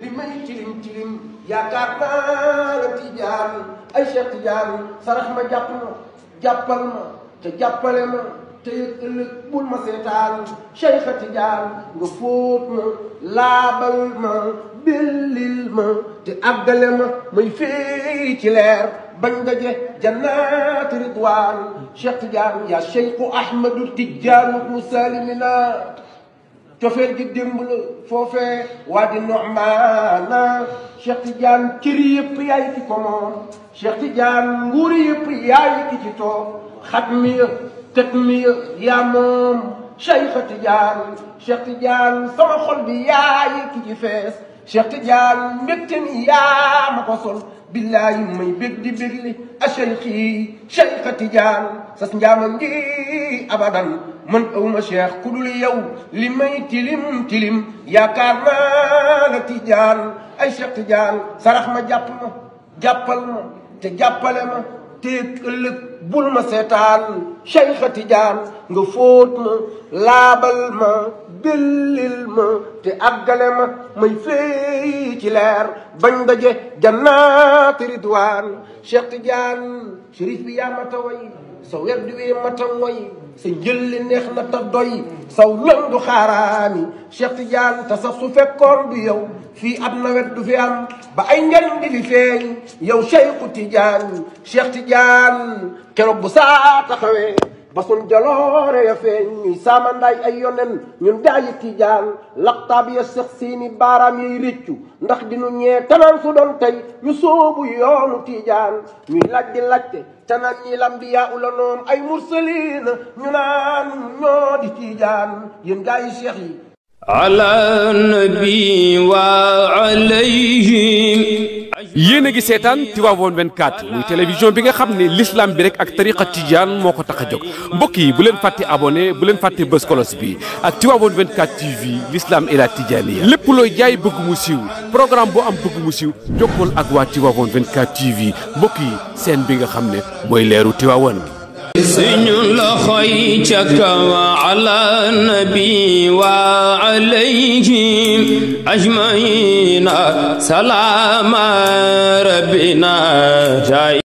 li may tilim tilim yaakaar naa la tijaan ay Cheikh tijaan sarax ma jàpp ma jàppal ma te jàppale ma te ëllëg bul ma seetaan Cheikh tijaan nga fóot ma laabal ma bellil ma te àggale ma may féey ci leer bañ je jannaat ridwaan Cheikh tijaan yaa Cheikhu Ahmadu tijaan mu salimina cofeel gi démb la foofee waa di nomaana Cheikh Tidiane këri yëpp yaay ki ko moom Cheikh Tidiane nguuri yëpp yaay ki ci toog xat mi ya teg mi ya yaa moom Cheikh Tidiane Cheikh a Cheikh yi Cheikh sas njaama ngi abadan man awma cheikh ku dul yow li may tilim tilim yaakaar naa la tijaan ay cheikh tijaan sarax ma jàpp ma jàppal ma te jàppale ma te ëllëg bul ma seetaan cheikh tijaan nga fóot ma laabal ma billil ma te àggale ma may féey ci leer bañ daje ridwaan cheikh tijaan shérif bi yaa ma taway sa wedd wi matam mooy sa njëlli neex na ta doy saw lon du xaaraami Cheikh Tidiane te sax su fekkoon du yow fii ab nawet du fi am ba ay njariñ di fi feeñ yow Cheikhu Tidiane Cheikh Tidiane keroog bu saa taxawee ba sun jaloore ya feeñ ñuy saamandaay ay yonen ñun gaayi tijaan laqtaab ya sex seeni baaraam yay réccu ndax dinu ñee tanaan su doon tey ñu soobu yoonu tiijaan ñuy laaj di laajte tanaan ñi lambiyaa ula noom ay mursaliin ñu naan ñoo di tijaan yéen gaayi seex yi ala nabi wa alayhi yéen a ngi seetaan Tivaouane 24 muy télévision bi nga xam ne l'islam bi rek ak tariqa tijaan moo ko tax a jóg mbokk yi bu leen fàtte abonné bu leen fàtte bës kolos bi ak Tivaouane 24 TV l'islam et la tijaaniya lépp looy jaay bëgg mu siiw programme boo am bëgg mu siiw jokkool ak waa Tivaouane 24 TV mbokk yi seen bi nga xam ne mooy leeru Tivaouane bi suñu loxo yi ca kaw ala nabi wa alayhim أجمعين سلام ربنا جاي